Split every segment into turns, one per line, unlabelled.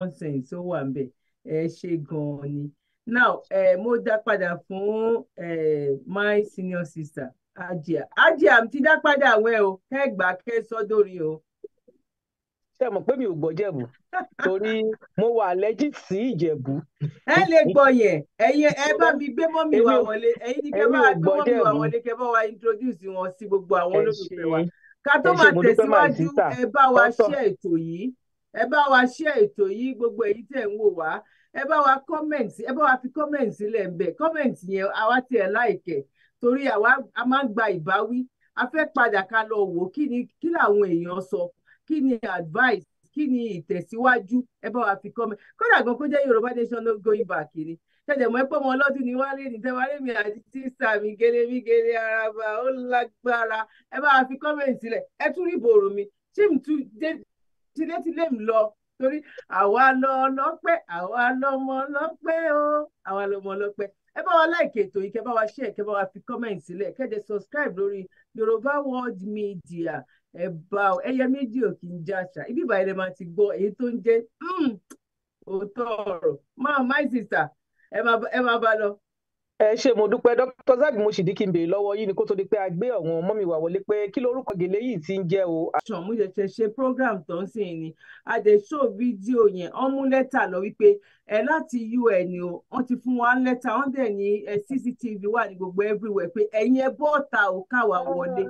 nonsense ó wà ńbẹ̀ ẹ ṣe gan-an ni now eh, mo dá padà fún eh, my senior sister ajia ajia ti dá padà wẹ o kẹ gbà kẹ sọdọrin o ṣe mọ̀ pé mi ò gbọ́ jẹ̀bù torí mo wà allergic sí ìjẹ̀bù. ẹ lè gbọ́ yẹn ẹyin ẹ bá mi gbé mọ́ mi wá wọlé ẹyin ni kẹ bá wa gbé mọ́ mi wá wọlé kẹ bá wa introduce wọn sí gbogbo àwọn olólùfẹ́ wa ká tó máa tẹ̀síwájú ẹ bá wa ṣe ètò yìí ẹ bá wa ṣe ètò yìí gbogbo èyí tẹ̀ ń wò wá ẹ bá wa comment ẹ bá wa fi comment sílẹ̀ ń bẹ̀ comment yẹn àwa tiẹ̀ láìkẹ̀ torí àwa a máa ń gba ìbáwí a fẹ́ padà ká lọ wò kí ni kí làwọn èèyàn sọ kí ni advice kí ni ìtẹ̀síwájú ẹ bá wa fi comment kódà gan kó jẹ́ Yorùbá Nation no going back ni tẹ̀dẹ̀ mọ́ pé ọmọ ọlọ́dún ni wálé ní tẹ́wálé mi àti tíṣà mi gẹ́lẹ́mígẹ́lẹ́ araba ó lágbára ẹ bá wa fi kọ́mẹ̀ntì sílẹ̀ ẹ tún rí ìbòrò mi ṣé mi tún tilétilé mi lọ torí àwa lọ lọ́pẹ́ àwa lọ́mọ lọ́pẹ́ o àwa lọ́mọ lọ́pẹ́ ẹ bá wa láìkè ètò yìí kẹ bá wa ṣe ẹ kẹ bá wa fi kọ́mẹ̀ǹtì sílẹ̀ kẹ́jẹ subscribe lórí Yorùbá World Media ẹ bá ọ ẹyẹ méjì ò kì í já àṣà ibi ìbàyẹ̀ lè máa ti gbọ́ èyí tó ń jẹ́ hmm, òótọ́ ọ̀rọ̀ máa my sister ẹ máa bá lọ
ẹ ṣe mo dúpẹ́ dr zag mo sì di kí n béèrè lọ́wọ́ yìí ni kó tó di pé a gbé ọ̀wọ́n mọ́mì wá wọlé pé kí lorúkọ gèlè yìí
ti ń jẹ́ o. sọ̀mú ṣẹ̀ṣẹ̀ ṣe program tó ń sìn ni a dẹ̀ ṣó fídíò yẹn wọ́n mú lẹ́tà lọ wípé ẹ láti un o wọ́n ti fún wa lẹ́tà wọ́n dẹ̀ ní cctv wà ní gbogbo everywhere pé ẹ̀yin ẹ bọ́ ọ̀tà ò káwa wọlé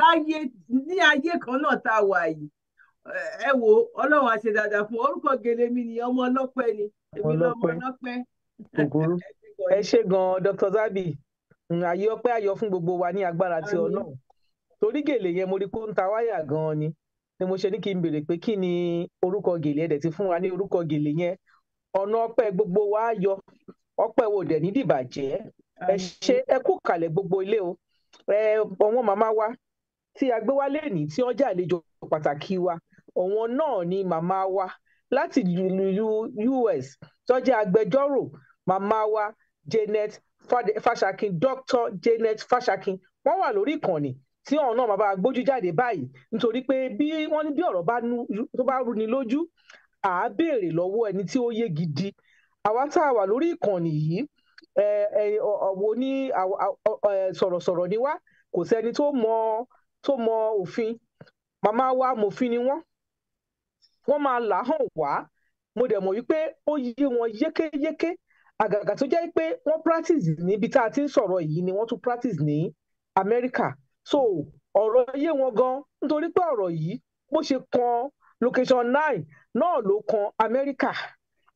láyé ní ayé kan náà tá a wà yìí ẹ wo ọlọ́run àṣẹ dáadáa
fún orúkọ gèlè mi nìyẹn ọmọ ọlọ́pẹ́ ni èmi lọ́mọ ọlọ́pẹ́ ẹ ṣe gan-an Dr. Zabby ayé ọpẹ́ ayọ̀ fún gbogbo wa ní agbára ti Ọlọ́run torí gèlè yẹn mo rí kó ń ta wáyà gan-an ni ni mo ṣe ní kí n béèrè pé kí ni orúkọ gèlè ẹ̀dẹ̀ ti fún wa ní orúkọ gèlè yẹn ọ̀nà ọpẹ́ gbogbo wa yọ ọpẹ́ wo dẹ̀ ní dìbàjẹ́ ẹ ṣe ẹ kú kalẹ̀ gbogbo ilé o ẹ ọ̀wọ́n màmá wa tí a gbé wá lẹ́nìí tí wọ́n jẹ́ àlejò pàtàkì wa ọ̀wọ́n náà ni màmá wa láti ìlú US tó jẹ́ agbẹjọ́rò màmá wa Janet Fashakin Dr Janet Fashakin wọ́n wà lórí ìkànnì tí ọ̀rọ̀ náà máa bá gbójú jáde báyìí nítorí pé bí wọ́n ní bí ọ̀rọ̀ tó bá rúni lójú à á béèrè lọ́wọ́ ẹni tí ó yé gidi àwa tá a wà lórí ìkànnì yìí ọ̀wọ́ ní sọ̀rọ̀sọ̀rọ̀ ni wá kò sẹ́ni tó mọ tó mọ òfin màmá wa mòfin ni wọ́n wọ́n máa là hàn wá mo dẹ̀ mọ̀ wípé ó yé wọn yékéyéké àgàgà tó jẹ́ pé wọ́n practice níbi tá a ti ń sọ̀rọ̀ yìí ni wọ́n tún practice ní Amẹ́ríkà so ọ̀rọ̀ yé wọn gan nítorí pé ọ̀rọ̀ yìí bó ṣe kan location nine náà ló kan Amẹ́ríkà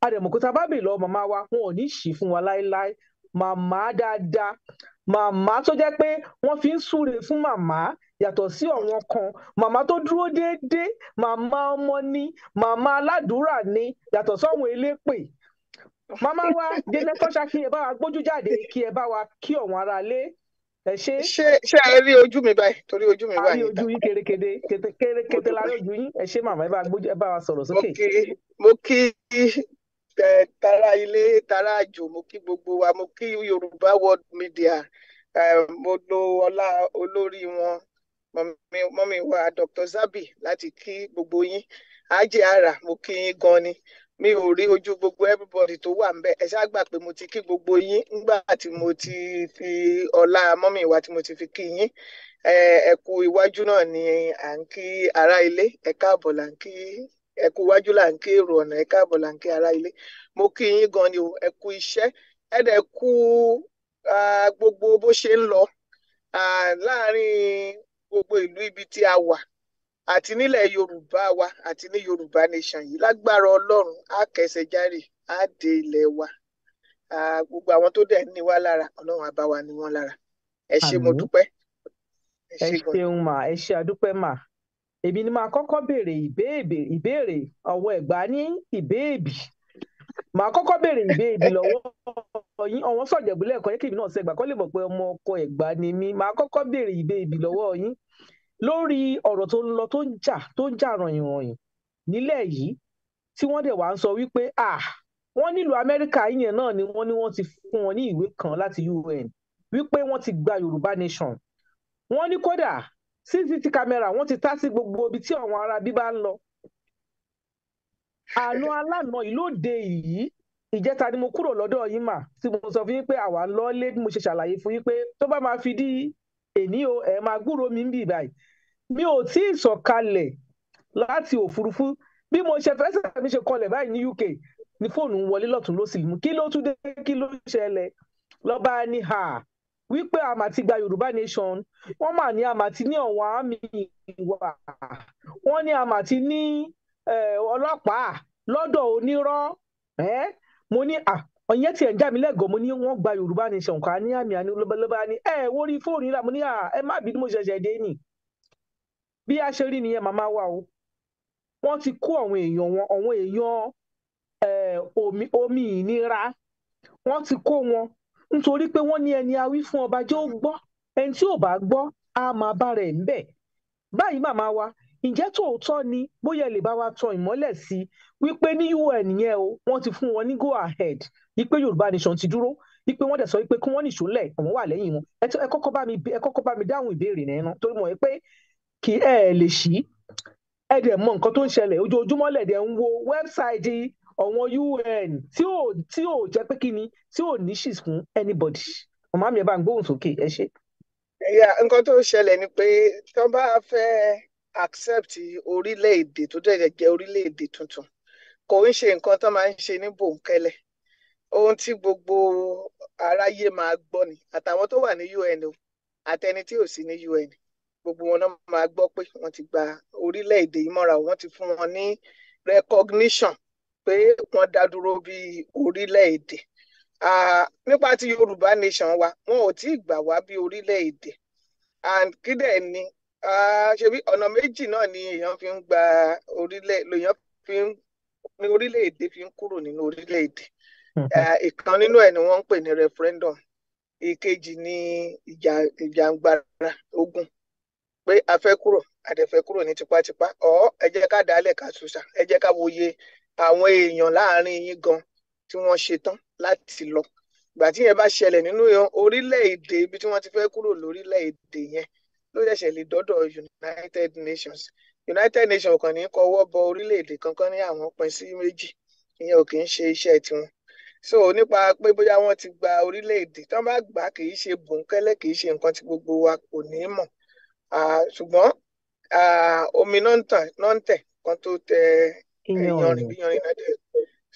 àdèmọ̀kúta bábì lọ màmá wa wọn ò ní ṣì fún wa láéláé màmá dáadáa màmá tó jẹ́ pé wọ́n fi ń súre fún màmá yàtọ̀ sí ọ̀wọ́n kan màmá tó dúró déédéé màmá ọmọ ni màmá aládùúrà ni yàtọ̀ sọ́wọ́n elépè Mama wa délé kọ́ṣà kí ẹ bá wa gbójú jáde kí ẹ bá wa kí ọ̀wọ́n ara lé ẹ ṣe. ṣé ṣé ẹ rí ojú mi báyìí torí ojú mi báyìí. a rí ojú yín kérékété kérékété la rí ojú yín ẹ ṣe màmá ẹ bá gbójú ẹ bá wa sọ̀rọ̀ sókè.
mo kí tara ilé tara àjò mo kí gbogbo wa mo kí Yorùbá World Media mo lo ọlá olórí wọn mọ́mí wa Dr. Zabi láti kí gbogbo yín ajé ara mo kí yín gan ni. mi ò rí ojú gbogbo everybody tó wà ńbẹ̀ ẹ ṣáà gbà pé mo ti kí gbogbo yín ńgbà tí mo ti fi ọlá mọ́mì wa tí mo ti fi kí yín ẹ kú iwájú náà ni à ń kí ará ilé ẹ káàbọ̀ là ń kí ẹ kú iwájú là ń kí èrò ọ̀nà ẹ káàbọ̀ là ń kí ará ilé mo kí yín gan ni o ẹ kú iṣẹ́ ẹ dẹ̀ kú gbogbo bó ṣe ń lọ láàárín gbogbo ìlú ibi tí a wà àti nílẹ̀ yorùbá wa àti ní yorùbá nation yìí lágbára ọlọ́run á kẹsẹ̀ járe á dé ilẹ̀ wa gbogbo àwọn tó dẹ̀ ní wa lára ọlọ́run á bá wa ní wọn lára ẹ ṣé mo dúpẹ́. ẹ
ṣeun mà ẹ ṣe àdúpẹ́ mà èmi ni màá kọ́kọ́ béèrè ìbéèrè ọwọ́ ẹ̀gbá ní ìbéèbì màá kọ́kọ́ béèrè ìbéèbì lọ́wọ́ yín ọ̀wọ́n sọ̀jẹ̀bùlẹ̀ ẹ̀kọ́ yẹ́kẹ́bí náà ṣẹgbà kọ́ lè mọ̀ pé ọmọ ọkọ ẹ̀gbá ni mí màá kọ́kọ́ béèrè ìbéèbì lọ́wọ́ yín lórí ọ̀rọ̀ tó ń lọ tó ń jà tó ń jà rànyìnrànyìn nílẹ̀ yìí tí wọ́n dẹ̀ wá ń sọ wípé ah wọ́n nílùú Amẹ́ríkà yìnyẹn náà ni wọ́n ní wọ́n ti fún wọn ní ìwé kan láti UN wípé wọ́n ti gba Yorùbá nation wọ́n ní kódà CCTV camera wọ́n ti tá sí gbogbo ibi tí àwọn ará bíbá ń lọ àánú alánà ìlóde yìí ìjẹta ni mo kúrò lọ́dọ̀ yín mà tí mo sọ fún yín pé àwa lọ́ọ́lé bí mo ṣe ṣàlàyé fún yín pé tó bá máa fi di èní o ẹ̀ máa gbúròó mi ń bì báyìí mi ò tí ì sọ̀kalẹ̀ láti òfurufú bí mo ṣe fẹsẹ̀ mi ṣe kọlẹ̀ báyìí ní UK ní fóònù ń wọlé lọ́tún ló sì mú kí ló tún dé kí ló ṣẹlẹ̀ lọ́ba ní ha wípé àmà ti gba Yorùbá nation wọ́n mà ní àmà ti ní ọ̀wọ́n àmì ìwà wọ́n ní àmà ti ní ọlọ́pàá lọ́dọ̀ onírọ́ mo ní ọ̀yẹ́ tiẹ̀ ń dá mi lẹ́gọ̀ọ́ mo ní wọ́n gba Yorùbá nation kan ní àmì àní ló bá ní ẹ̀ wọ́n rí fóònù mo ní ẹ má bínú mo ṣẹ̀ṣẹ̀ dé nì bí a ṣe rí nìyẹn màmá wa o wọ́n ti kó àwọn èèyàn wọn àwọn èèyàn eh, omi ìnira wọ́n ti kó wọn nítorí pé wọ́n ní ẹni awí fún ọba jẹ́ ó gbọ́ ẹni tí ò bá gbọ́ á máa bá rẹ̀ ń bẹ̀ báyìí màmá wa ǹjẹ́ tòótọ́ ni bóyá lè bá wa tan ìmọ́lẹ̀ sí wípé ní UN yẹn o wọ́n ti fún wọn ní go ahead wípé Yorùbá nation ti dúró wípé wọ́n dẹ̀ sọ wípé kí wọ́n nìṣó lẹ̀ àwọn wà lẹ́yìn wọn ẹ kọ́kọ́ bá mi dáhùn ìbéèrè nìyẹn náà torí mo rẹ kí ẹ lè ṣí ẹ dẹ̀ mọ nǹkan tó ń ṣẹlẹ̀ ojoojúmọ́ lẹ̀dẹ̀ ń wo wẹ́bsáìtì àwọn UN tí ò tí ò jẹ́ pé kí ni tí ò ní ṣì fún anybody màmá mi ẹ bá ń gbóhùn sókè ẹ ṣe.
nǹkan tó ṣẹlẹ̀ ni pé tí bá fẹ́ accept orílẹ̀-èdè tó dẹ̀ jẹ́ orílẹ̀-èdè tuntun kò ń ṣe nǹkan tó máa ń ṣe ní bòńkẹ́lẹ̀ ohun tí gbogbo aráyé máa gbọ́ ni àtàwọn tó wà ní UN o àtẹni tí ò sí ní UN gbogbo wọn náà máa gbọ́ pé wọ́n ti gba orílẹ̀-èdè yìí mọ́ra wọ́n ti fún wọn ní recognition pé wọ́n dá dúró bí orílẹ̀-èdè nípa ti Yorùbá nation wa wọn ò tí ì gbà wá bí orílẹ̀-èdè and kí dẹ̀ ni ṣebí ọ̀nà méjì náà ni èèyàn fi ń gba orílẹ̀ lèèyàn fi ń ní orílẹ̀-èdè fi ń kúrò nínú orílẹ̀-èdè ìkan nínú ẹ̀ ni wọ́n ń pè ní referendum ìkejì ni ìjàngbara ogun pé a fẹ́ kúrò àdẹ̀fẹ́ kúrò ní tipátipá ọ̀ ẹ jẹ́ ká dálẹ̀ ká ṣùṣà ẹ jẹ́ ká wòye àwọn èèyàn láàrin yín gan tí wọ́n ṣe tán láti lọ ìgbà tí yẹn bá ṣẹlẹ̀ nínú orílẹ̀-èdè ibi tí wọ́n ti fẹ́ kúrò lórílẹ̀-èdè yẹn ló ṣẹ̀ṣẹ̀ lè dọ́dọ̀ United Nations United Nations kàn ní kọwọ́ bọ orílẹ̀-èdè kankan ní àwọn pín sí méjì ìyẹn ò kì í ṣe iṣẹ́ tiwọn so nípa pé bóyá wọ́n ti gba orílẹ̀-èdè tí wọ́n bá gbà kì í ṣe bòńkẹ́lẹ́ kì í ṣe nǹkan tí gbogbo wa kò ní mọ̀ ṣùgbọ́n omi náà ń tẹ̀ kan tó tẹ ìyanrìn bí yanrìn náà dẹ̀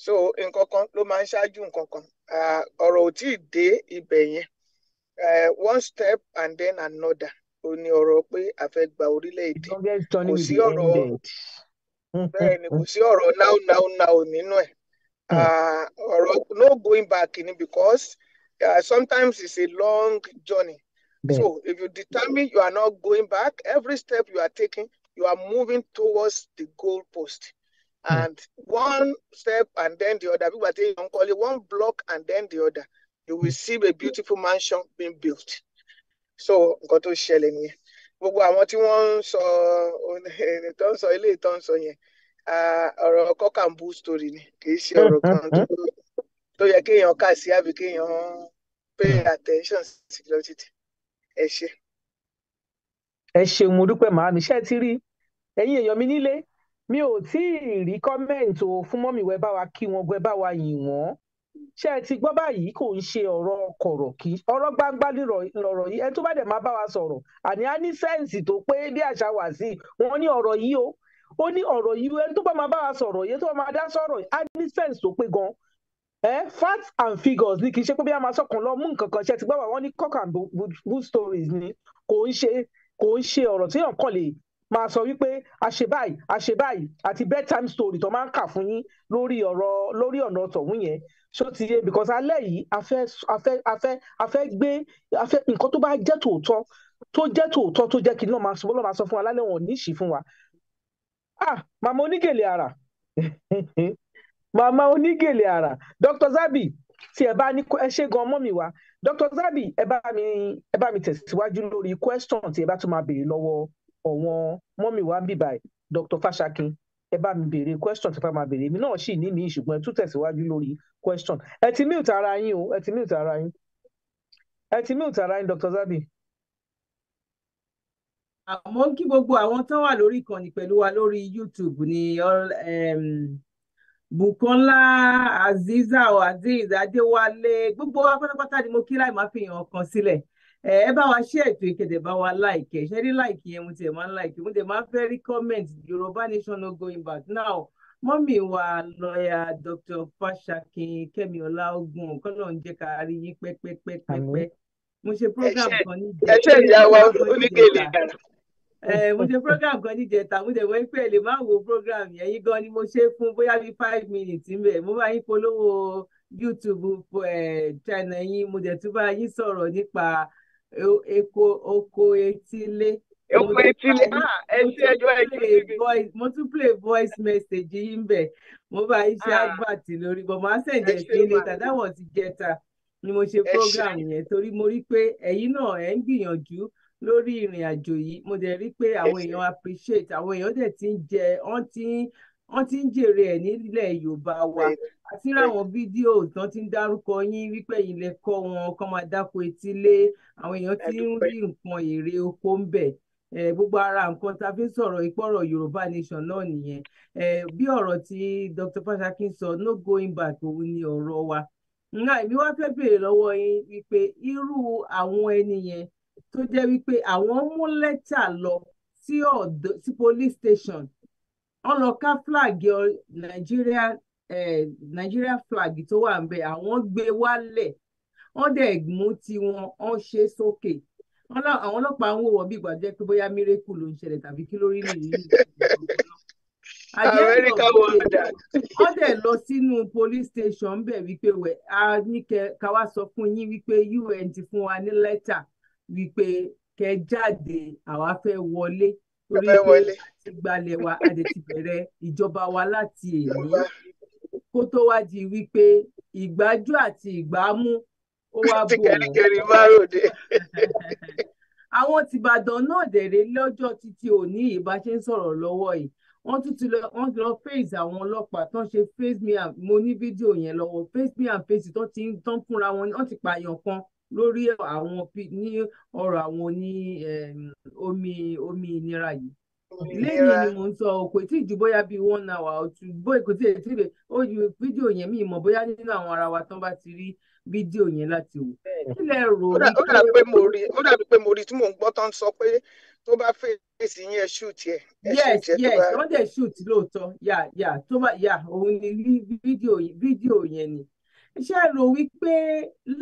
so nǹkan kan ló máa ń ṣáájú nǹkan ọ̀rọ̀ ò tí ì dé ibẹ̀ yẹn one step and then another ó ní ọ̀rọ̀ pé a fẹ́ gba orílẹ̀-èdè kò sí ọ̀rọ̀ bẹ́ẹ̀ kò sí ọ̀rọ̀ now now now nínú ẹ̀ ọ̀rọ̀ no going back ni because uh, sometimes it's a long journey So if you determine you are not going back, every step you are taking, you are moving towards the goalpost. Mm. And one step and then the other. People are saying call it one block and then the other. You will see a beautiful mansion being built. So nǹkan tó ṣẹlẹ̀ nìyẹn. Gbogbo àwọn tí wọ́n ń sọ tó ń sọ ilé ìtọ́ ń sọ yẹn ọ̀rọ̀ kọ́kànbù story ni kì í ṣe ọ̀rọ̀ kan tó yẹ kéèyàn kà sí àbí kéèyàn pay attention sí lọ títí. ẹ ṣe.
ẹ ṣeun mo dúpẹ́ màámi ṣé ẹ ti rí ẹ̀yin èèyàn mi nílé mi ò tí ì rí kọ́mẹ́ǹtì o fún mọ́mì wẹ́ bá wa kí wọn gbẹ bá wa yìn wọ́n ṣé ẹ ti gbọ́ báyìí kò ń ṣe ọ̀rọ̀ kọ̀rọ̀ kí ọ̀rọ̀ gbangba lọ̀rọ̀ yìí ẹni tó bá dẹ̀ máa bá wa sọ̀rọ̀ àní á ní sẹ́ǹsì tó pé bí àṣà wà sí wọn ní ọ̀rọ̀ yìí o ó ní ọ̀rọ̀ yìí ẹni tó bá máa bá wa sọ̀rọ̀ yìí tó máa dá sọ̀rọ̀ yìí á ní sẹ́ǹsì tó pé gan-an eh, facts and figures ni kì í ṣe pé bí a máa sọkàn lọ mú nǹkan kan ṣe ti gbọ́ wà wọ́n ní cock and bull stories ni kò ń ṣe kò ń ṣe ọ̀rọ̀ tí èèyàn kàn lè máa sọ wípé àṣe báyìí àti bedtime story tó máa ń kà fún yín lórí ọ̀rọ̀ lórí ọ̀nà tọ̀hún yẹn ṣó ti yé because alẹ́ yìí a fẹ́ a fẹ́ a fẹ́ a fẹ́ gbé a fẹ́ nǹkan tó bá jẹ́ tòótọ́ tó jẹ́ tòótọ́ tó jẹ́ kí n náà máa sọ fún wa lálẹ́ wọn ò ní ṣì fún wa ah màmá onígèlè ara màmá onígèlè àrà dr zabi tí ẹ bá ní ẹ ṣe gan ọmọ mi wá dr zabi ẹ bá mi ẹ bá mi tẹ̀síwájú lórí question tí ẹ bá tún máa béèrè lọ́wọ́ ọ̀wọ́n mọ́mì wá ń bì báyìí dr fashakin ẹ bá mi béèrè question tí ẹ bá máa béèrè èmi náà sì ní mi ṣùgbọ́n ẹ tún tẹ̀síwájú lórí question ẹ ti mute ara yín o ẹ ti mute ara yín ẹ ti mute ara yín dr zabi
àmọ́ kí gbogbo àwọn tán wà lórí ìkànnì pẹ̀lú wa lórí YouTube ní Bukola Aziza o Aziz Adéwálé gbogbo wa pátápátá ni mo kí láì máa fi hàn ọkàn sílẹ̀ ẹ bá wa ṣe ètò ìkéde bá wa láìkẹ ṣe rí láìkì yẹn mo tiẹ̀ máa ń láìkì mo tiẹ̀ máa ń fẹ́ rí comment Yorùbá nation no going back now mọ́mì wa lọ́ọ̀yà Dr. Fashakin Kẹ́mi Ọláògùn kọ́lọ̀ ń jẹ́ ká rí yín pẹ́pẹ́pẹ́pẹ́ mo ṣe program kan ní ìjẹ́ ẹ ṣe ìyá wa onígèlè kan. Eh, mo ṣe program kan níjẹta mo dẹ̀ wọ́n pé ẹ lè má wo program yẹn yín gan ni mo ṣe fún bóyá bíi five minutes ń bẹ̀ mo bá yín polówó YouTube eh, channel yín mo dẹ̀ tún bá yín sọ̀rọ̀ nípa eko oko etílé. oko etílé ah, ẹ ṣe ẹjọ́ ẹ ṣe mo tún play voice message yín bẹ̀ mo bá yín ṣe ah. advert lórí bọ̀ máa ṣẹ̀ǹdẹ̀ sí ilé tàdá wọ̀n ti jẹta ni mo ṣe program yẹn torí mo rí pé ẹ̀yin náà ẹ̀ ń gbìyànjú lórí ìrìn àjò yìí mo dẹ̀ rí pé àwọn èèyàn appreciate àwọn èèyàn dẹ̀ ti ń jẹ wọ́n ti ń wọ́n ti ń jèrè ẹ̀ nílẹ̀ Yorùbá wa àti ráwọn fídíò tán ti ń dárúkọ yín wípé ilẹ̀ kọ́ wọn kọ́ máa dáko etílé àwọn èèyàn ti ń rí nǹkan èrè oko ń bẹ̀ gbogbo ara nǹkan tá fi ń sọ̀rọ̀ ìpọ̀rọ̀ Yorùbá nation náà nìyẹn bí ọ̀rọ̀ tí Dr. Fashakin sọ no going back òun ni ọ̀rọ̀ wa nǹkan èmi wá fẹ́ béèrè lọ́wọ́ yín wípé irú àwọn ẹni yẹn tó jẹ́ wípé àwọn mú lẹ́tà lọ sí ọ̀dọ̀ sí police station wọ́n lọ flag Nàìjíríà Nàìjíríà flag tó wà ńbẹ̀ àwọn gbé wálẹ̀ wọ́n dẹ̀ mú tiwọn wọ́n ṣe sókè àwọn ọlọ́pàá ń wò wọ́n bí ìgbà jẹ́ pé bóyá mírèkù ló ń ṣẹlẹ̀ tàbí kí lórí nìyí
amẹ́ríkà wọ́ndà.
wọ́n dẹ̀ lọ sínú police station bẹ̀ wípé wẹ̀ a ní ká wá sọ fún yín wípé UN ti fún wa ní lẹ́tà wípé kẹ jáde àwa fẹ́ wọlé
torí pé
ti gbalẹ̀ wa a dẹ̀ ti bẹ̀rẹ̀ ìjọba wa láti èyí kó tó wá di wípé ìgbájú àti ìgbámú ó wá bò wọ́n. àwọn tìbàdàn náà dẹ̀rẹ̀ lọ́jọ́ títí òní ìbá ṣe ń sọ̀rọ̀ lọ́wọ́ yìí wọ́n tún ti lọ face àwọn ọlọ́pàá tán ṣe face me and mo ní fídíò yẹn lọ́wọ́ face me and face tán ti ń tán fúnra wọn wọ́n ti pààyàn kan lórí àwọn ní ọ̀rọ̀ àwọn oní omi omi ìnira yìí lẹ́yìn ni mo ń sọ kò tí ì ju bóyá bíi one hour bóyá kò tí ì tí ì bẹ̀ ó ju fídíò yẹn mi mọ̀ bóyá nínú àwọn ara wa tán bá ti rí fídíò yẹn láti wò. kílẹ̀ rò ó dàbí pé
mo rí ó dàbí pé mo rí tí mò ń gbọ́ tán sọ pé tó bá fèsì yín ẹ shoot ẹ. yes yes wọ́n dẹ̀
shoot lóòótọ́ yà yà tó bá yà òun ni fídíò yẹn ni ṣe rò wípé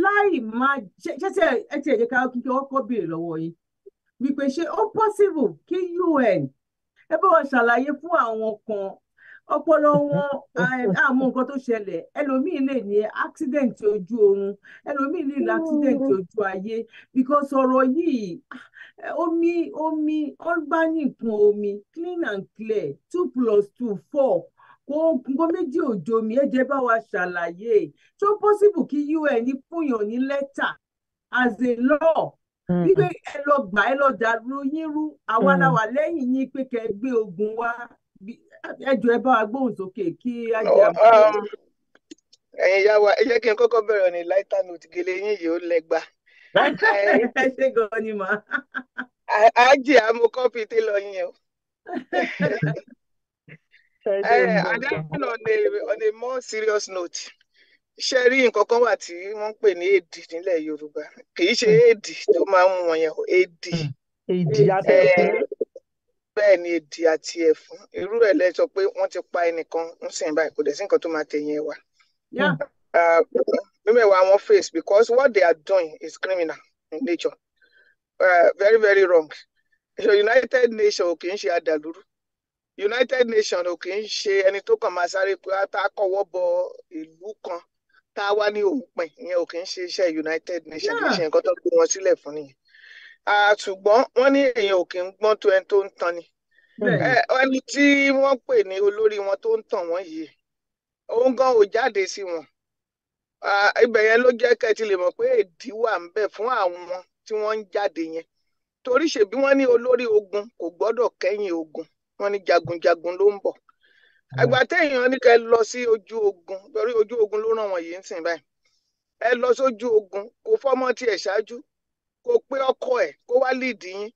láì máa ṣe ṣe ẹ ti ẹ̀jẹ̀ ká kíkẹ́ ọkọ̀ béèrè lọ́wọ́ yín wípé ṣé ó possible kí UN ẹ bá wọn ṣàlàyé fún àwọn kan ọpọlọ wọn àmọ́ nǹkan tó ṣẹlẹ̀ ẹlòmíín lè ní accident ojú oorun ẹlòmíín lè ní accident hmm. ojú ayé because ọ̀rọ̀ yìí omi omi ọgbà nìkan omi clean and clear two plus two four nǹkan méjì òjò mi ẹ jẹ́ wa UN fúnyàn ní lẹ́tà as a law wípé ẹ lọ gbà ẹ lẹ́yìn ogun wa kí um, á
ẹ kí n ní lighter note yín yìí ó ẹ ṣe gan-an ni mà. àmú kọ́pì o. Uh, and then on a, on a more serious note ṣe rí nǹkan kan wà tí wọ́n ń pè ní èdì nílẹ̀ Yorùbá kì í ṣe èdì hmm. tó máa ń mú wọn yẹn èdì èdì abẹ́ẹ̀fún bẹ́ẹ̀ ni èdì àti ẹ̀fún irú ẹ̀ lẹ́ sọ pé wọ́n ti pa ẹnìkan ń sìn báyìí kò dẹ̀ sí nǹkan tó máa tẹ̀yìn ẹ̀ wá. mímẹ́wàá hmm. wọn face because what they are doing is criminal in nature uh, very very wrong so United Nations kì í ṣe àdàlúrú United Nations ò kì í ṣe ẹni tó kàn máa sáré pé tá a bọ ìlú kan tá a wá ní òun ìyẹn ò kì í ṣe iṣẹ́ United Nations kì í ṣe nǹkan tó gbé wọn sílẹ̀ fún nìyẹn ṣùgbọ́n wọ́n ní èèyàn ò kì í gbọ́n tó ẹni tó ń tan ni ẹni tí wọ́n pè ní olórí wọn tó ń tàn wọ́n yìí òun gan ò jáde sí wọn ibẹ̀ yẹn ló jẹ́ kẹ́ ti lè mọ̀ pé èdí wà ń bẹ fún àwọn tí wọ́n ń jáde yẹn torí ṣèbí wọ́n ní olórí ogun kò gbọ́dọ̀ kẹ́yìn ogun wọ́n ní jagunjagun ló ń bọ̀ àgbà hmm. téèyàn ní kẹ́ lọ sí ojú ogun lórí ojú ogun ló ràn wọ́n yìí ń sìn báyìí ẹ lọ sójú ogun kò fọmọ tiẹ̀ ṣáájú kò pé ọkọ ẹ̀ kó wá líìdì yín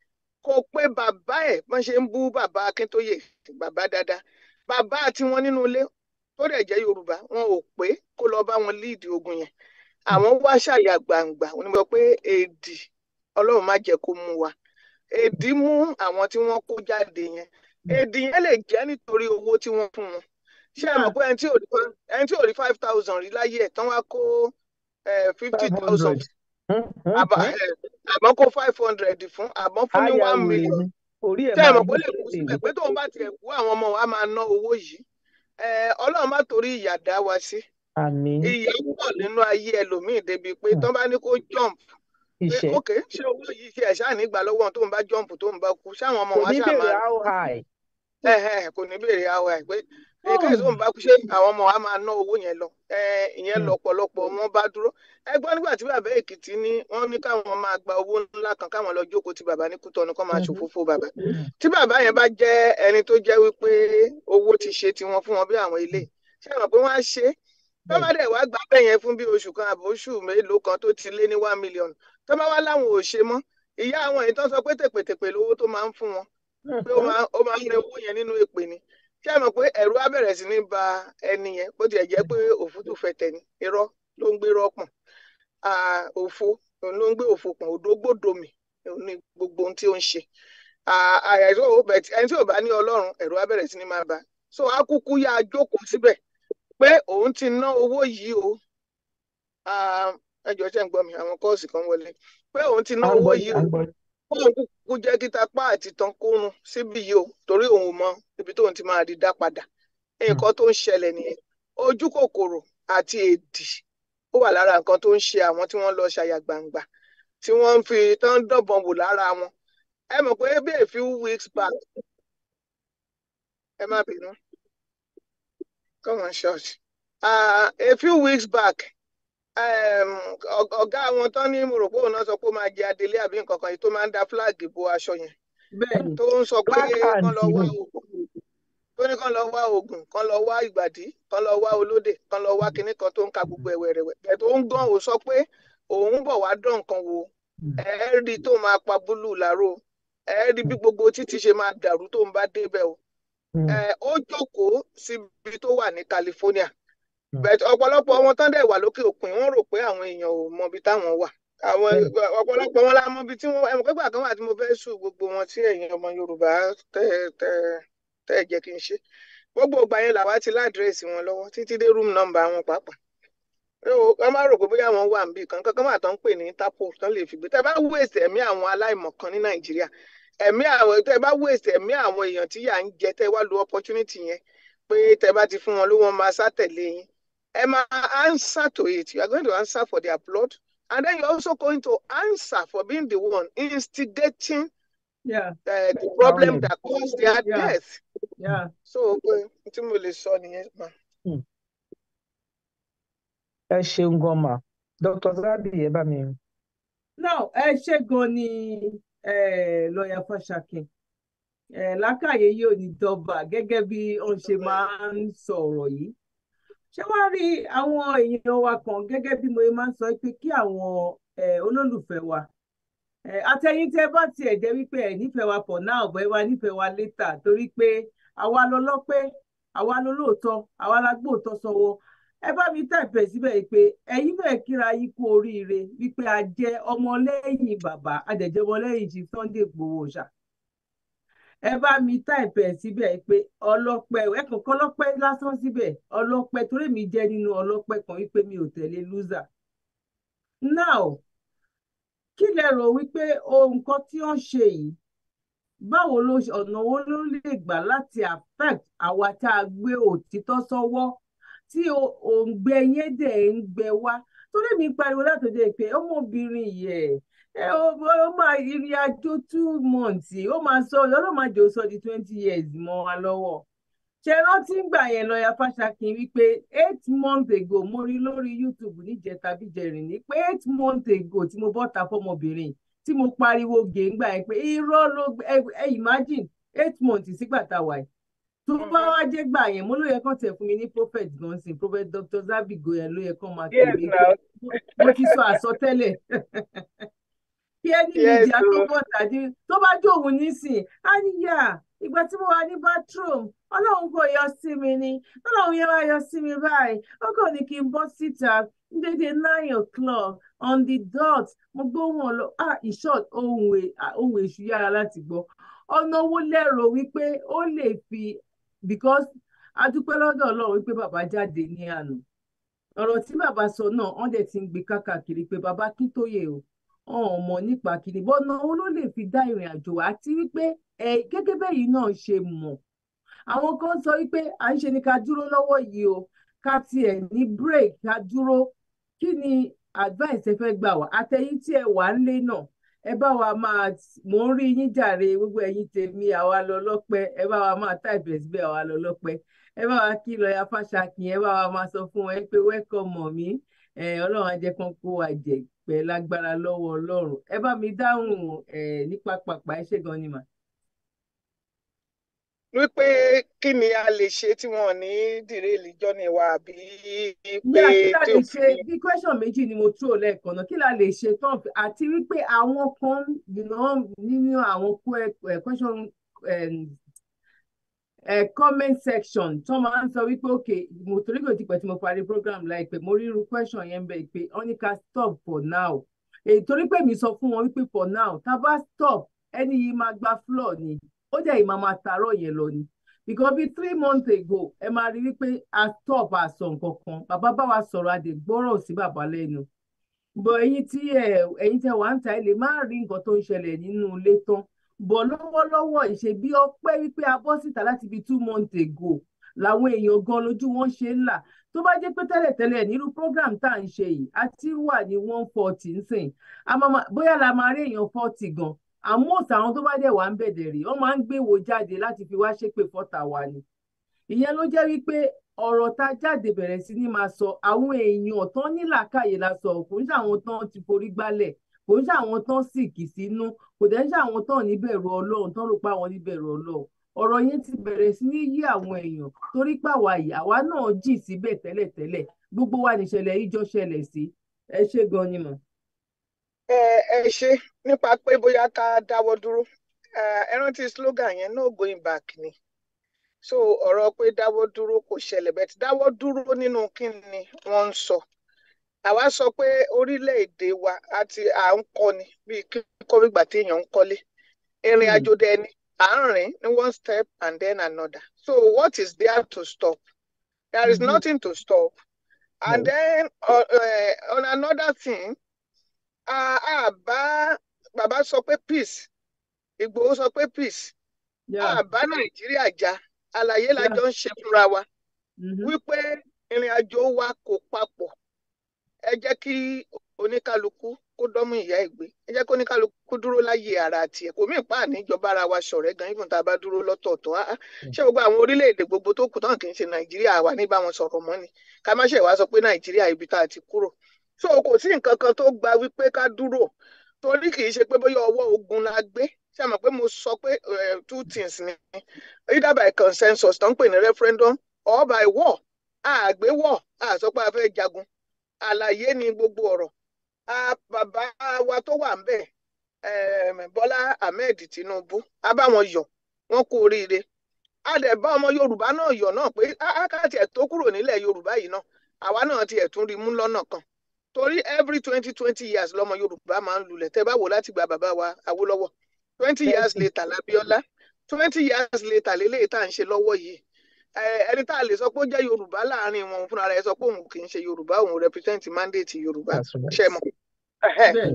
kò pé bàbá ẹ̀ wọ́n ṣe ń bú bàbá Akíntóyè bàbá dáadáa bàbá tiwọn nínú ilé tó dẹ̀ jẹ́ Yorùbá wọn ò pé kó lọ bá wọn líìdì ogun yẹn àwọn wá ṣàyà gbangba wọn ni mo pé èdì Ọlọ́run má jẹ́ kó mú wa èdì mú àwọn tí wọ́n kó jáde yẹn èdè hmm. yẹn lè jẹ́ nítorí owó tí wọ́n fún wọn ṣé ẹ mọ̀ ah. pé ẹni tí ò rí five thousand rí láyé ẹ̀ tán wá kó fifty thousand hmm, hmm, àbọ̀ kó five hundred fún àbọ̀ fún ní one million ṣé ẹ mọ̀ pé lè kú síbẹ̀ pé tóun bá tiẹ̀ kú àwọn ọmọ wa máa ná owó yìí ọlọ́run má torí ìyà dá wa sí ìyà pọ̀ nínú ayé ẹlòmíì débi pé ah. tán bá ní kó jump iṣẹ́. ok ṣé owó yìí ṣe ẹ̀ṣá nígbà lọ́wọ́ tó ń bá jọ́ǹpù tó ń bá kú ṣáwọn ọmọ wa ṣáà máa. kò high. ẹ ẹ kò ní bèrè how high pé ní káyọ̀ oh. tó ń bá kú ṣé àwọn ọmọ wa máa ná owó yẹn lọ ìyẹn hmm. lọ́pọ̀lọpọ̀ wọn bá dúró. ẹ gbọ́ nígbà tí bàbá èkìtì ní wọ́n ní káwọn máa gba owó ńlá kan káwọn lọ jókòó ti bàbá ní kútọ́nu kọ́ máa hmm. ṣòfófó bàbá. Hmm. tí bàbá yẹn bá jẹ́ ẹni tó jẹ́ wípé owó ti ṣe tiwọn fún wọn bí àwọn ilé ṣé àwọn pé wọ́n á ṣe é tó bá dẹ̀ wá gbà bẹ́ẹ̀ yẹn fún bí oṣù kan àbọ̀ oṣù mélòó kan tó ti lé ní one million tó bá wá láwọn ò ṣe mọ́ ìyá àwọn èyí tó sọ pé tèpètèpè lówó tó máa ń fún wọn pé ó máa ń rẹ owó yẹn nínú èpè ni ṣé ẹ mọ̀ pé ẹ̀rù á bẹ̀rẹ̀ sí ní ba ẹni yẹn bó tiẹ̀ jẹ́ pé òfútù fẹ̀tẹ̀ ni irọ́ ló ń gbé rọ́pọ̀n òfo ló ń gbé òfo pọ̀n òdógbòdomì ní gbogbo ohun tí ó ń ṣe ẹni tí ò bá ní ọlọ́run ẹ̀rù á bẹ̀rẹ̀ sí ní máa ba so á kúkú yá a jókòó síbẹ̀ pé òun ti ná owó yìí o ẹjọ ṣe ń gbọ́ mi àwọn kọ́ọ̀sì kan wọlé pé òun ti ná owó yìí o kóun kúkú jẹ́ kí tapá àti tán kúrun síbi yìí o torí òun mọ ibi tóun ti máa di dá padà nǹkan tó ń ṣẹlẹ̀ nìyẹn ojú kòkòrò àti èdì ó wà lára nǹkan tó ń ṣe àwọn tí wọ́n lọ ṣàyà gbangba tí wọ́n ń fi tán dọ̀bọ̀n wò lára wọn ẹ mọ̀ pé bí a few weeks back ẹ má bínú come on church uh, a few weeks back um, ọ̀gá àwọn tán ní morocco náà sọ pé ó máa jẹ adelé àbí nǹkan kan yìí tó máa ń da flag bo aṣọ yẹn tó ń sọ pé kán lọ wá oògùn tó ní kán lọ wá oògùn kán lọ wá ìgbàdí kán lọ wá olóde kán lọ wá kinní kan tó ń ka gbogbo ẹ̀wẹ̀ rẹ̀ wẹ̀ tó ń gan ò sọ pé òun bọ̀ wá dán nǹkan wò hmm. ẹ̀ẹ́rì tó máa pa búlù làárọ̀ ẹ̀ẹ́rì bí gbogbo títí ṣe máa dàrú tó ń bá débẹ̀ o Mm. Eh, ó jókòó síbi tó wà ní California mm. but ọ̀pọ̀lọpọ̀ wọn tán dẹ̀ wà lókè òkun wọ́n rò pé àwọn èèyàn ò mọbi táwọn wà àwọn mm. ọ̀pọ̀lọpọ̀ wọn la mọbi tí wọ́n ẹ̀wọ̀n pẹ́gbà kan wà tí mo fẹ́ sùn gbogbo wọn tí ẹ̀yin ọmọ Yorùbá tẹ́ tẹ́ tẹ́ jẹ́ kí n ṣe gbogbo ìgbà yẹn làwa ti ládírẹ́sì wọn lọ́wọ́ títí dé rúùmù nọ́mbà wọn pàápàá wọ́n máa rò pé bóyá àwọn wà níbì kan kankan máa tán ń pè ní tapo tán lè fi gbé tẹ́ bá wéèsì ẹ̀mí àwọn aláìmọ̀kan ní Nàìjíríà ẹ̀mí àwọn tẹ́ ẹ bá waste ẹ̀mí àwọn èèyàn tí yà ń jẹ tẹ́ wá lo opportunity yẹn pé tẹ́ ẹ bá ti fún wọn ló wọ́n máa sá tẹ̀lé yín ẹ máa answer to it you are going to answer for their blood and then you are also going to answer for being the one instigating yeah. uh, the problem that caused their yeah. death. Yeah. so tí mo lè sọ nìyẹn mà.
Hmm. ẹ ṣeun gan ma dr zabi ẹ bá mi.
now ẹ ṣe gan ni. Eh, lọ́ọ̀yà Fáṣàkẹ́ eh, lákàyè yóò ní dọ́bà gẹ́gẹ́ bí wọ́n ṣe máa ń sọ ọ̀rọ̀ yìí ṣé wàá rí àwọn èèyàn wa kan gẹ́gẹ́ bí mo máa ń sọ pé kí àwọn eh, olólùfẹ́ wa àtẹ̀yìn tẹ́ bá tiẹ̀ jẹ́ wípé ẹ̀ nífẹ̀ẹ́ wa pọ̀ náà ọ̀bọ̀ ẹ̀ wá nífẹ̀ẹ́ wa létà torí pé àwa lọlọ́pẹ́ àwa lolóòótọ́ àwa la gbóòótọ́ sọ́wọ́ ẹ bá mi tàpẹ síbẹ̀ pé ẹ̀yin náà kíra yín kú oríire wípé a jẹ́ ọmọlẹ́yìn bàbá a dẹ̀ jẹ́ ọmọlẹ́yìn ti Sunday Igboho ṣá ẹ bá mi tàpẹ síbẹ̀ pé ọlọ́pẹ́ ẹ kọ̀ọ̀kan ọlọ́pẹ́ lásán síbẹ̀ ọlọ́pẹ́ torí mi jẹ́ nínú ọlọ́pẹ́ kan wípé mi ò tẹ̀lé loser now kí lẹ rò wípé ohun kan tí wọ́n ṣe yìí báwo ló ọ̀nà wo ló lè gbà láti affect àwa tá a gbé òtítọ́ sọ́wọ́ tí òǹgbẹ yẹn dẹ̀ ń gbẹ wá torí mi pariwo látòdè pé ọmọbìnrin yẹ ó máa ìrìn àjò two months ó máa sọ ọlọ́run máa jò sọ di twenty years mọ́ wa lọ́wọ́ ṣe rántí gbà yẹn lọ́ọ̀yà Fáṣakin wípé eight months ago mo rí lórí YouTube níjẹta bíjẹrin ní pé eight months ago tí mo bọ́ta fọmọbìnrin tí mo pariwo gèǹgbà yẹn pé irọ́ ló ẹ imagine eight months sígbà tá a wà yìí tó bá wá jẹ́ gbà yẹn mo ló yẹ kán tẹ̀ fún mi ní prophet gan sin prophet dr zabi goya ló yẹ kán máa tẹ̀lé mo ti sọ àsọtẹ́lẹ̀ kí ẹni méjì akébọ̀dà dín tó bá jó òun nísìn á ìgbà tí mo wà ní bathroom ọlọ́run kò yọ sí mi ni ọlọ́run yẹn wá yọ sí mi báyìí ó kàn ní kí n bọ́ síta dédé nine o'clock on the dot mo gbóhùn ọlọ ah in short e, ohun èṣù yára láti gbọ́ ọ̀nà owó lẹ́rọ wípé ó lè fi because a dúpẹ́ lọ́dọ̀ ọlọ́run pé bàbá jáde ní àná ọ̀rọ̀ tí bàbá sọ náà wọ́n dẹ̀ ti ń gbé kákàkiri pé bàbá Akíntóyè o ọ̀hún mọ̀ nípa kiri bọ́nà ó ló lè fi dá ìrìn àjò wa àti wípé ẹ gẹ́gẹ́ bẹ́yìí náà ṣe mọ̀ àwọn kan sọ wípé à ń ṣe ni ká dúró lọ́wọ́ yìí o ká tiẹ̀ ní break ká dúró kí ni advice ẹ fẹ́ gbà wá àtẹ̀yìn tí ẹ wà ń lé náà ẹ bá wa máa mò ń rí yín jàre gbogbo ẹ̀yin tèmi àwa lọ lọ́pẹ́ ẹ bá wa máa táìpì rẹ̀ síbẹ̀ àwa lọ lọ́pẹ́ ẹ bá wa kí lọ́ọ̀yà Fáṣákin ẹ bá wa máa sọ fún wọn pé welcome mọ̀ ọlọ́run á jẹ́ kó wa jẹ pẹ̀ lágbára lọ́wọ́ ọlọ́run ẹ bá mi dáhùn nípa pàpà ẹ ṣé gan ni mà
wípé kí ni a lè ṣe tí wọn ní dìrẹ́lì jọ́ni wa àbí pé tí o fi. bí question méjì ni mo throw lẹ́ẹ̀kan náà kí
la lè ṣe tán àti wípé àwọn kan nínú àwọn eh, eh, question eh, comment section tó máa ń sọ wípé ok mo torí kò ti pẹ́ tí mo parí program láìpẹ́ mo rí question yẹn bẹ́ẹ̀ pé wọ́n stop for now èyí torí pé mi sọ fún wọn wípé for now tá a bá stop ẹni yìí máa gba floor ni ó jẹ́ ìmọ̀ máa yẹn lọ ni because bíi three months ago ẹ máa rí wípé a stop àsọ nǹkan kan bàbá bá wa sọ̀rọ̀ adè gbọ́rọ̀ sí bàbá lẹ́nu bọ̀ ẹ̀yin tí ẹ̀yin tẹ wà ń ta ẹ lè má rí nǹkan tó ń ṣẹlẹ̀ nínú ilé tán bọ̀ lọ́wọ́lọ́wọ́ ìṣe bí ọpẹ́ wípé a bọ́ síta láti bíi two months ago làwọn èèyàn gan lójú wọn ṣe ń là tó bá jẹ́ pé tẹ́lẹ̀tẹ́lẹ̀ nírú program tá à ń ṣe yìí a ti wà ní one forty nsìn bóyá la máa rí èèyàn forty gan àmọ́ọ̀sì àwọn tó bá dẹ̀ wà ń bẹ̀dẹ̀ rè wọ́n máa ń gbéwò jáde láti fi wá ṣépè fọ́ta wa ni ìyẹn ló jẹ́ wípé ọ̀rọ̀ tá jáde bẹ̀rẹ̀ sí ni máa sọ àwọn èèyàn tán nílàkàyè la sọ kò ń ṣàwọn tán ti forí gbálẹ̀ kò ń ṣàwọn tán sì kì sínú kò dẹ̀ ń ṣàwọn tán níbẹ̀rù ọlọ́run tán rò pa àwọn níbẹ̀rù ọlọ́run ọ̀rọ̀ yẹn ti bẹ̀rẹ̀ sí ní yí àwọn èèyàn torí pàwà yìí àwa náà jì síbẹ̀ tẹ́lẹ̀tẹ́lẹ̀ gbogbo wa nìṣẹ̀lẹ̀ yìí jọ ṣẹlẹ̀ sí ẹ ṣé gan ni mọ̀.
ẹ ẹ ṣe nípa pé bóyá ká dáwọ́ dúró ẹ rántí slogan yẹn no going back ni so ọ̀rọ̀ pé dáwọ́ dúró kò ṣẹlẹ̀ bẹ́ẹ̀ dáwọ́ dúró nínú kíni wọ́n ń sọ àwa sọ pé orílẹ̀-èdè wa àti à ń kọ́ni bíi kíkọ́ ìgbà téèyàn ń kọ́lé ìrìn àjò dẹni à ń rìn ní one step and then another so what is there to stop there is mm-hmm. nothing to stop and then uh, uh, on another thing a bá Yorùbá sọ pé peace Ìgbòho sọ pé peace àbá Nàìjíríà já àlàyé la jọ ń ṣe fúnra wa mm-hmm. wípé ìrìn àjò wa kò papọ̀ ẹ jẹ́ kí oníkálukú kó dọ́mú ìyá ìgbé ẹ jẹ́ kí oníkálukú kó dúró láyé ara tiẹ̀ kò mí ìpá àníjọba ara wa ṣọ̀rẹ́ gan ibùn tá a bá dúró lọ́tọ̀ọ̀tọ̀ á ah, ah. mm. ṣé gbogbo àwọn orílẹ̀-èdè gbogbo tó kù tán kì í ṣe Nàìjíríà wà ní báwọn sọ̀rọ̀ mọ́ ni ká má ṣe wá sọ pé Nàìjíríà ibi tá a ti kúrò so kò sí nǹkan kan tó gba wípé ká dúró torí kì í ṣe pé bóyá ọwọ́ ogun la gbé ṣe àmọ̀ pé mo sọ pé eh, two things ni either by consensus tó ń pè ní referendum or by war àgbé war àsọpá a fẹ́ jagun àlàyé ni gbogbo ọ̀rọ̀ bàbá wa tó wà ń bẹ̀ eh, Bọ́lá Ahmed Tinubu a bá wọn yọ̀ wọ́n kú oríire a dẹ̀ bá ọmọ Yorùbá náà yọ̀ náà pé a ká tiẹ̀ tó kúrò nílẹ̀ Yorùbá yìí náà àwa náà tiẹ̀ tún rí mú lọ́nà kan torí every twenty twenty years lọmọ yorùbá máa ń lulẹ̀ tẹ́ bá wò láti gba bàbá wa awólọ́wọ̀ twenty years later labiola twenty years later lélẹ́yìí tá à ń ṣe lọ́wọ́ yìí ẹni tá a lè sọ pé ó jẹ́ yorùbá láàrin wọn fúnra rẹ̀ sọ pé òun kì í ṣe yorùbá òun represent mandate yorùbá ṣe mọ́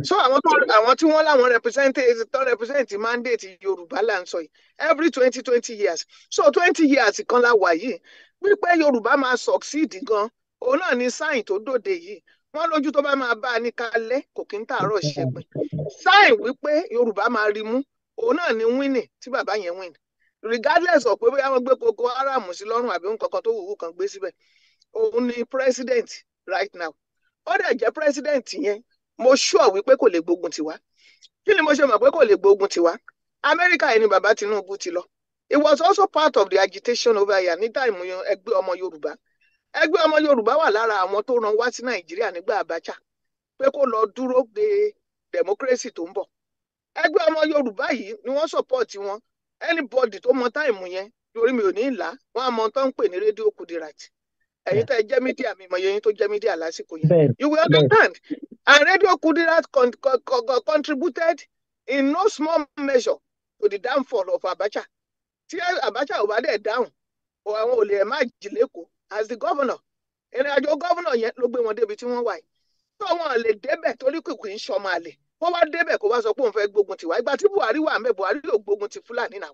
so àwọn tí wọ́n láwọn represent tó represent mandate yorùbá là ń sọ yìí every twenty twenty years so twenty years kan la wà yìí wípé yorùbá máa succeed gan òun náà ni sign tó dòde yìí wọ́n lójú tó bá máa bá a ní kalẹ̀ kò kí ń tààrọ̀ ṣẹpẹ́ sáìn wípé yorùbá máa rí mú òun náà ni wíìnì tí bàbá yẹn wíìnì regardless of pé bóyá wọ́n gbé Boko Haram sí lọ́rùn àbí nǹkan kan tó wùwú kan gbé síbẹ̀ òun ni president right now ó dẹ̀ jẹ́ president yẹn mo sure wípé kò lè gbógun tiwa kí ni mo ṣe mọ̀ pé kò lè gbógun tiwa amẹ́ríkà yìí ni bàbá Tinubu ti lọ it was also part of the agitation over here ní táìmù ẹgbẹ́ ọmọ yorùbá ẹgbẹ́ ọmọ Yorùbá wà lára àwọn tó rán wá sí Nàìjíríà nígbà Abacha pé kó lọ dúró de democracy tó ń bọ̀ ẹgbẹ́ ọmọ Yorùbá yìí ni wọ́n sọ́pọ́ọ̀tì wọn anybody tó mọ táìmù yẹn lórí mi ò ní ìlà wọn àmọ́ tó ń pè ní rédíò Kudirat ẹ̀yin tẹ́ jẹ́ mídíà mi mọ̀ yẹn tó jẹ́ mídíà lásìkò yẹn you will understand and rédíò Kudirat contributed in no small measure to the downfall of Abacha tí Abacha ò bá dẹ̀ dáhùn àwọn olè ẹ̀ má jí lẹ́kọ̀ọ́ as the governor ìrìn àjò gómìnà yẹn ló gbé wọn débi tí wọ́n wà yìí tó wọn lè débẹ̀ torí kìkì ń ṣọmọ àlè wọ́n wá débẹ̀ kó wá sọ pé òun fẹ́ gbógun tiwa ìgbà tí Buhari wà mẹ́ Buhari yóò gbógun ti Fúlàní náà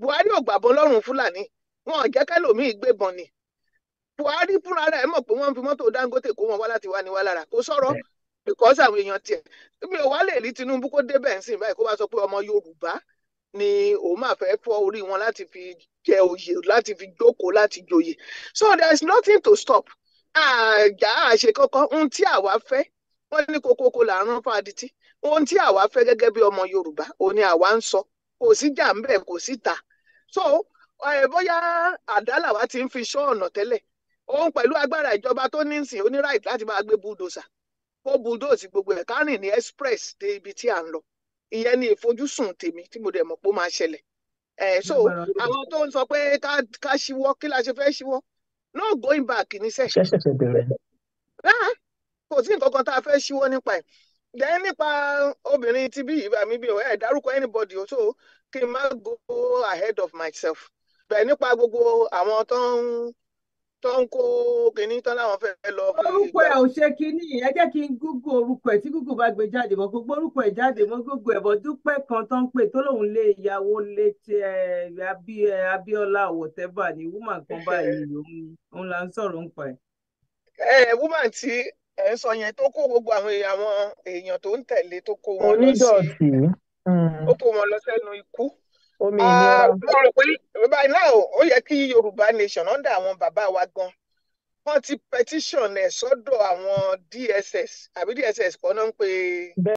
Buhari ò gbàbọn lọ́rùn Fúlàní wọn ò jẹ́ kẹ́lòmíì gbébọn ni Buhari fúnra rẹ̀ mọ̀ pé wọ́n fi mọ́tò Dangote kó wọn wá láti wá ní wá lára kó sọ̀rọ̀ because àwọn èèyàn tiẹ̀ mi ò wá lè rí Tinubu kó débẹ̀ ń sìn báyìí kó wá sọ pé ọmọ Yorùbá ni òun máa fẹ́ fọ́ orí wọn láti fi jẹ oyè láti fi jókòó láti joyè so there is nothing to stop àjà àṣekọkọ ohun tí àwa fẹ́ wọ́n ní kokoko là ń rán fáadití ohun tí àwa fẹ́ gẹ́gẹ́ bí ọmọ Yorùbá òun ni àwa ń sọ kò sí jà kò sí ta so ẹ bóyá àdálàwà ti ń fi ṣọ́ ọ̀nà tẹ́lẹ̀ òun pẹ̀lú agbára ìjọba tó ní sìn oníráìtì láti máa gbé búdòsà kó búdòsì gbogbo ẹ̀ kárìn ní express dé ibi tí à ń lọ ìyẹn ni ìfojúsùn tèmi tí mo dẹ̀ mọ̀ pé ó máa ṣẹlẹ̀ so àwọn tó ń sọ pé ká ká ṣíwọ́ kí la ṣe fẹ́ ṣíwọ́ no going back níṣẹ́. ṣẹ̀ṣẹ̀ṣẹ̀ bẹ̀rẹ̀. kò sí nǹkan kan tá a fẹ́ ṣíwọ́ nípa ẹ̀ dẹ́ nípa obìnrin tí bí ìbá mi bí ọ̀ ẹ̀ dárúkọ anybody so kí n má go ahead of myself bẹ̀ nípa gbogbo àwọn tó ń tó ń kó kínní tán láwọn
fẹ́ lọ. orúkọ ẹ ò ṣe kínní ẹ jẹ́ kí n google orúkọ ẹ tí google bá gbé jáde mọ́ gbogbo orúkọ ẹ jáde mọ́ google ẹ dúpẹ́ kan tó ń pè tó lòun lé ìyàwó létí ẹ abíọ́lá wọ̀tẹ́bà ni woman kan báyìí òun là ń sọ̀rọ̀ ń pa ẹ̀.
ẹ woman tí ẹ ń sọ yẹn tó kó gbogbo àwọn èèyàn tó ń tẹ̀lé tó kó wọn lọ sí ó omi ah, ìnira. mo rò pé báyìí náà ó yẹ kí yorùbá nation under àwọn bàbá wa gan wọ́n ti petition ẹ̀ sọ́dọ̀ àwọn dss àbí dss kọ́ náà ń pè